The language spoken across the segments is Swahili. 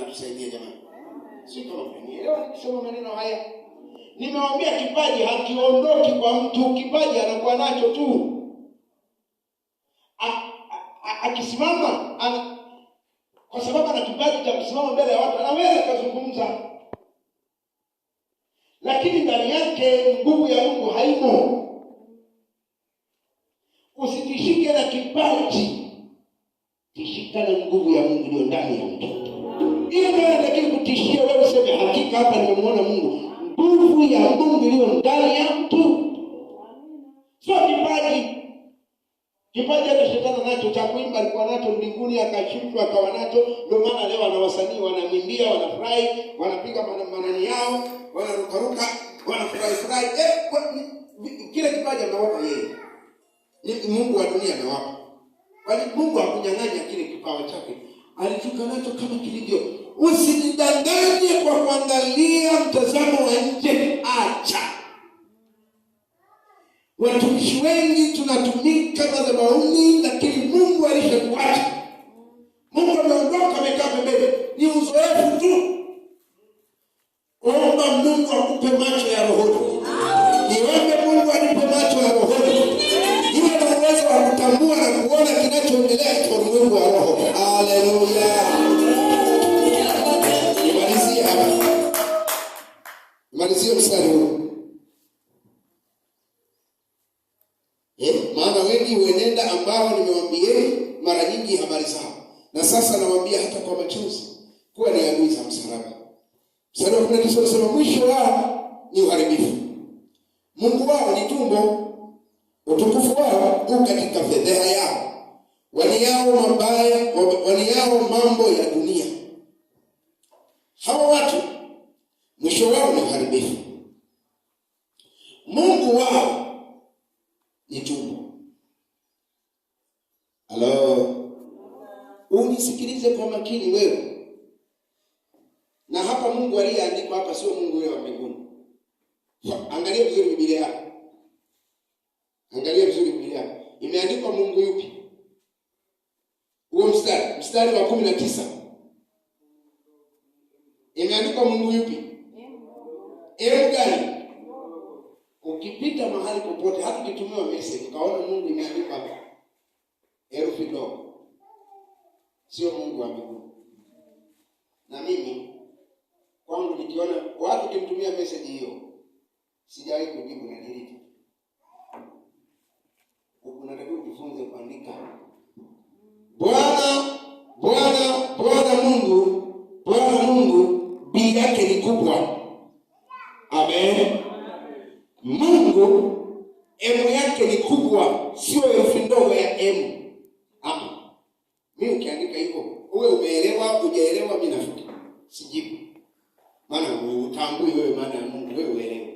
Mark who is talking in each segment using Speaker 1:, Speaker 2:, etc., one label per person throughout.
Speaker 1: anatusaidia jamani. Si kama mnielewa nikisema maneno haya. Nimewaambia kipaji hakiondoki kwa mtu, kipaji anakuwa nacho tu. Akisimama kwa sababu ana kipaji cha kusimama mbele ya watu, anaweza kuzungumza. Lakini ndani yake nguvu ya Mungu haimo. Usitishike na kipaji, tishika na nguvu ya Mungu iliyo ndani ya mtu hapa nimemwona Mungu, nguvu ya Mungu iliyo ndani ya mtu, sio kipaji. Kipaji hata shetani nacho cha kuimba alikuwa nacho mbinguni, akashushwa akawa nacho. Ndio maana leo wana wasanii wanamwimbia, wanafurahi, wanapiga manani yao, wanarukaruka, wanafurahi furahi. Eh, kile kipaji amewapa yeye, ni Mungu wa dunia amewapa, bali Mungu hakunyang'anya kile kipawa chake, alichuka nacho kama kilivyo Usijidanganye kwa kuangalia mtazamo wa nje, acha. Watumishi wengi tunatumika madhabahuni, lakini Mungu alishatuacha tumalizie mstari huu eh, maana wengi huenenda ambao nimewaambieni mara nyingi habari zao, na sasa nawambia hata kwa machozi kuwa ni adui za msalaba. Mstari wa kumi na tisa unasema mwisho wao ni uharibifu, Mungu wao ni tumbo, utukufu wao u katika fedheha yao waliao mabaya, waliao mambo ya dunia. Hawa watu mwisho wao ni uharibifu. Mungu wao ni tumbo. Halo, unisikilize kwa makini wewe, na hapa Mungu aliyeandikwa hapa sio Mungu yule wa mbinguni. Angalia vizuri Biblia yako, angalia vizuri Biblia yako, imeandikwa Mungu yupi? Huo mstari, mstari wa kumi na tisa. Ewe Ukipita mahali popote, hata ukitumiwa message ukaona Mungu imeandikwa herufi ndogo, sio Mungu wa mbinguni. Na mimi kwangu nikiona watu kimtumia message hiyo, sijawahi kujibu na delete. Amen. Mungu emu yake ni kubwa, sio herufi ndogo ya emu. Ama mi ukiandika hivyo uwe umeelewa, ujaelewa, mi nafuta sijibu, maana utambui wewe maana ya Mungu, wewe uelewe,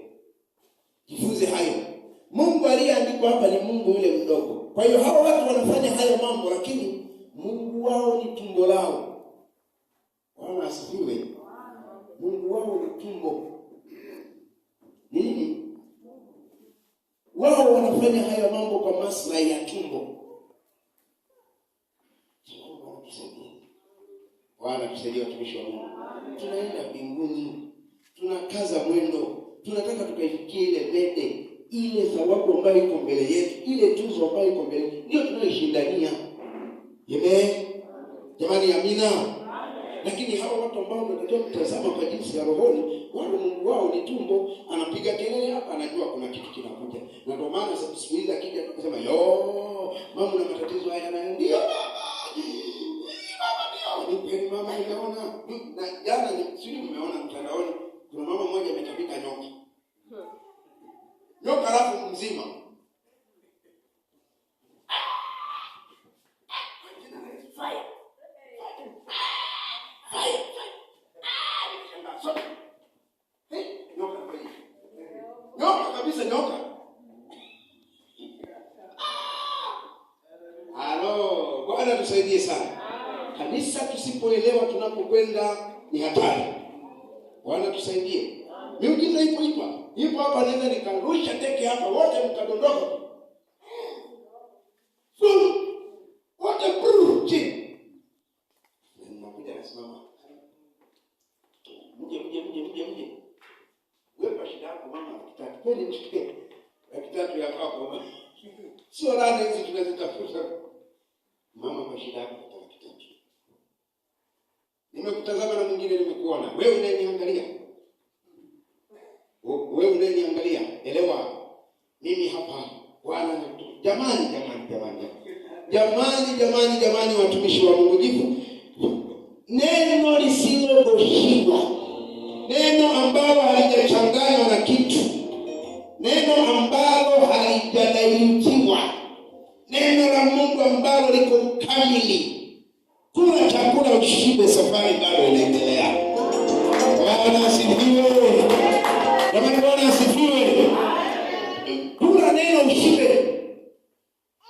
Speaker 1: jifunze hayo. Mungu aliyeandikwa hapa ni Mungu yule mdogo. Kwa hiyo hao watu wanafanya hayo mambo, lakini Mungu wao ni tumbo lao. Bwana asifiwe. wao wanafanya haya mambo kwa maslahi ya tumbo. Bwana tusaidia watumishi wa Mungu, tunaenda mbinguni, tunakaza mwendo, tunataka tukaifikia ile mede, ile sababu ambayo iko mbele yetu, ile tuzo ambayo iko mbele ndio tunaishindania Amen, jamani, amina. Lakini hawa watu ambao tunatakiwa mtazama kwa jinsi ya rohoni, wao Mungu wao ni tumbo, anapiga kelele hapa, anajua na ndio maana sababu siku hizi akija tukasema yo mama na matatizo haya na ndio mama ndio mama nimeona na jana ni sijui nimeona mtandaoni kuna mama mmoja ametapika nyoka hmm. nyoka alafu mzima Bwana tusaidie sana. Kanisa tusipoelewa tunapokwenda ni hatari. Bwana tusaidie. Miujiza ipo ipo. ipo hapa. nenda nikarusha teke hapa, wote mkadondoka wote nasimama, mje mje mje mje mje, shida yako mama, kweli mshike, ya kwako sio rada hizi tunazitafuta mama, kwa shida yako utakatifu. Nimekutazama na mwingine nimekuona wewe, unaniangalia wewe, unaniangalia, elewa mimi hapa Bwana. nitu. Jamani, jamani, jamani, jamani, jamani, jamani, watumishi wa Mungu, jibu neno lisilogoshiwa, neno ambalo halijachanganywa na kitu, neno ambalo halijadailikiwa neno la Mungu ambalo liko kamili. Kula chakula ushibe, safari bado inaendelea. Bwana asifiwe! Jamani, Bwana asifiwe! Kula neno ushibe,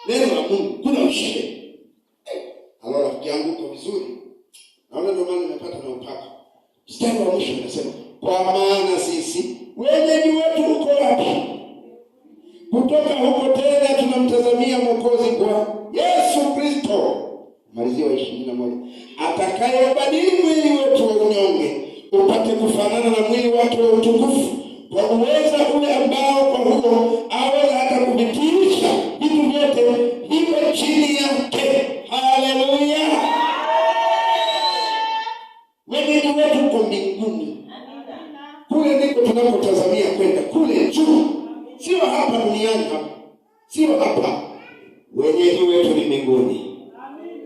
Speaker 1: neno la Mungu, kula ushibe. Halo rafiki yangu, uko vizuri? Naona ndio maana nimepata na upako. Mstari wa mwisho unasema kwa maana sisi wewe Yesu Kristo, malizia wa ishirini na moja, atakayebadili mwili wetu wa unyonge upate kufanana na mwili wake wa utukufu kwa uweza mbinguni.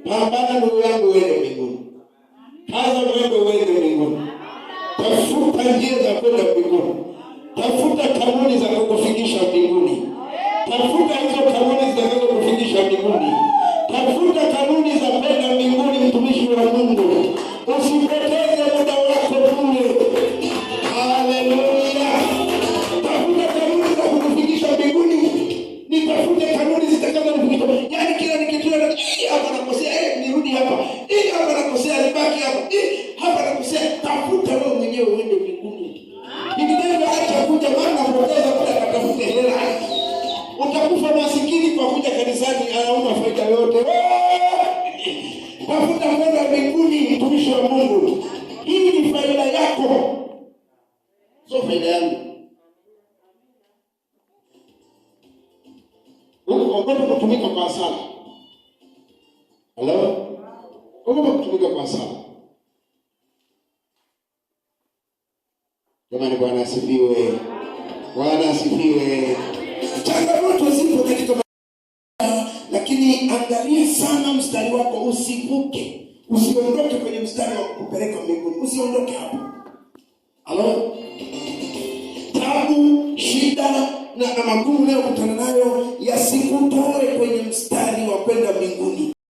Speaker 1: Pambana ndugu yangu uende mbinguni, kaza mwendo uende mbinguni, tafuta njia za kwenda mbinguni, tafuta kanuni za kukufikisha mbinguni, tafuta hizo kanuni zitakazokufikisha mbinguni, tafuta kanuni za kwenda mbinguni, mtumishi wa Mungu. mafuta kwenda mbinguni, mtumishi wa Mungu. Hii ni faida yako, sio faida yangu. Ogopa kutumika kwa hasara. Halo, ogopa kutumika kwa sala. Jamani, Bwana asifiwe! Bwana asifiwe! yako, usivuke, usiondoke kwenye mstari wa kupeleka mbinguni, usiondoke hapo. Halo, tabu, shida na magumu nayokutana nayo yasikutore kwenye mstari wa kwenda mbinguni.